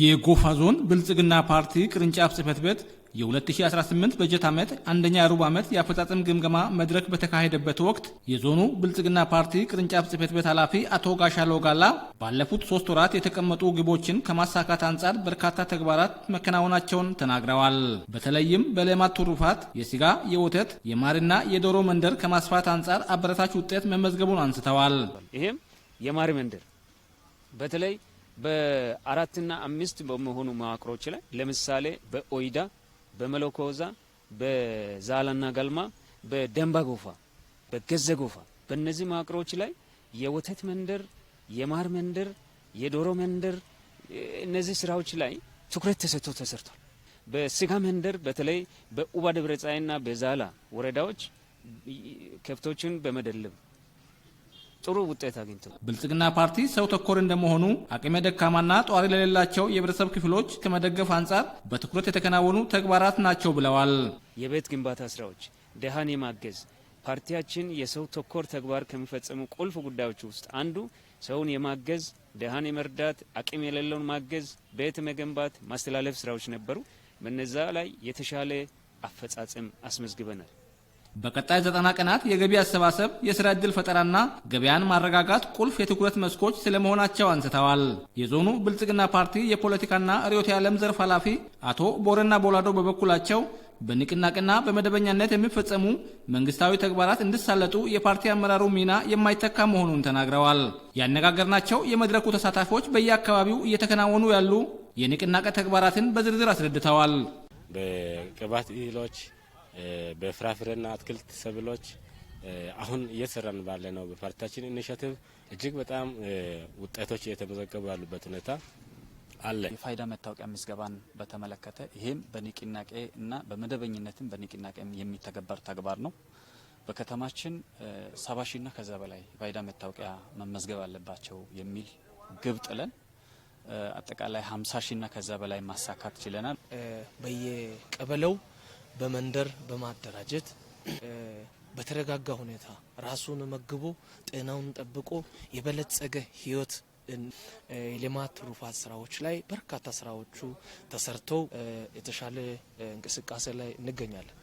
የጎፋ ዞን ብልጽግና ፓርቲ ቅርንጫፍ ጽህፈት ቤት የ2018 በጀት ዓመት አንደኛ ሩብ ዓመት የአፈጻጸም ግምገማ መድረክ በተካሄደበት ወቅት የዞኑ ብልጽግና ፓርቲ ቅርንጫፍ ጽህፈት ቤት ኃላፊ አቶ ጋሻሎ ጋላ ባለፉት ሶስት ወራት የተቀመጡ ግቦችን ከማሳካት አንጻር በርካታ ተግባራት መከናወናቸውን ተናግረዋል። በተለይም በሌማት ትሩፋት የስጋ የወተት፣ የማርና የዶሮ መንደር ከማስፋት አንጻር አበረታች ውጤት መመዝገቡን አንስተዋል። ይህም የማር መንደር በተለይ በአራትና አምስት በመሆኑ መዋቅሮች ላይ ለምሳሌ በኦይዳ፣ በመለኮዛ፣ በዛላና ጋልማ፣ በደንባ ጎፋ፣ በገዘ ጎፋ በእነዚህ መዋቅሮች ላይ የወተት መንደር፣ የማር መንደር፣ የዶሮ መንደር እነዚህ ስራዎች ላይ ትኩረት ተሰጥቶ ተሰርቷል። በስጋ መንደር በተለይ በኡባ ደብረ ጻይና በዛላ ወረዳዎች ከብቶችን በመደለብ ጥሩ ውጤት አግኝተው ብልጽግና ፓርቲ ሰው ተኮር እንደመሆኑ አቅመ ደካማና ጧሪ ለሌላቸው የህብረተሰብ ክፍሎች ከመደገፍ አንጻር በትኩረት የተከናወኑ ተግባራት ናቸው ብለዋል። የቤት ግንባታ ስራዎች፣ ደሃን የማገዝ ፓርቲያችን የሰው ተኮር ተግባር ከሚፈጸሙ ቁልፍ ጉዳዮች ውስጥ አንዱ ሰውን የማገዝ ደሃን የመርዳት አቅም የሌለውን ማገዝ፣ ቤት መገንባት፣ ማስተላለፍ ስራዎች ነበሩ። በነዛ ላይ የተሻለ አፈጻጸም አስመዝግበናል። በቀጣይ ዘጠና ቀናት የገቢ አሰባሰብ፣ የስራ ዕድል ፈጠራና ገበያን ማረጋጋት ቁልፍ የትኩረት መስኮች ስለመሆናቸው አንስተዋል። የዞኑ ብልጽግና ፓርቲ የፖለቲካና ርዕዮተ ዓለም ዘርፍ ኃላፊ አቶ ቦረና ቦላዶ በበኩላቸው በንቅናቄና በመደበኛነት የሚፈጸሙ መንግስታዊ ተግባራት እንዲሳለጡ የፓርቲ አመራሩ ሚና የማይተካ መሆኑን ተናግረዋል። ያነጋገርናቸው የመድረኩ ተሳታፊዎች በየአካባቢው እየተከናወኑ ያሉ የንቅናቄ ተግባራትን በዝርዝር አስረድተዋል። በቅባት እህሎች በፍራፍሬና አትክልት ሰብሎች አሁን እየሰራን ባለ ነው በፓርቲያችን ኢኒሽቲቭ እጅግ በጣም ውጤቶች እየተመዘገቡ ያሉበት ሁኔታ አለ። የፋይዳ መታወቂያ ምዝገባን በተመለከተ ይህም በንቅናቄ እና በመደበኝነትም በንቅናቄ የሚተገበር ተግባር ነው። በከተማችን ሰባ ሺና ከዛ በላይ የፋይዳ መታወቂያ መመዝገብ አለባቸው የሚል ግብ ጥለን አጠቃላይ ሀምሳ ሺና ከዛ በላይ ማሳካት ችለናል። በየቀበሌው በመንደር በማደራጀት በተረጋጋ ሁኔታ ራሱን መግቦ ጤናውን ጠብቆ የበለጸገ ህይወት የልማት ትሩፋት ስራዎች ላይ በርካታ ስራዎቹ ተሰርተው የተሻለ እንቅስቃሴ ላይ እንገኛለን።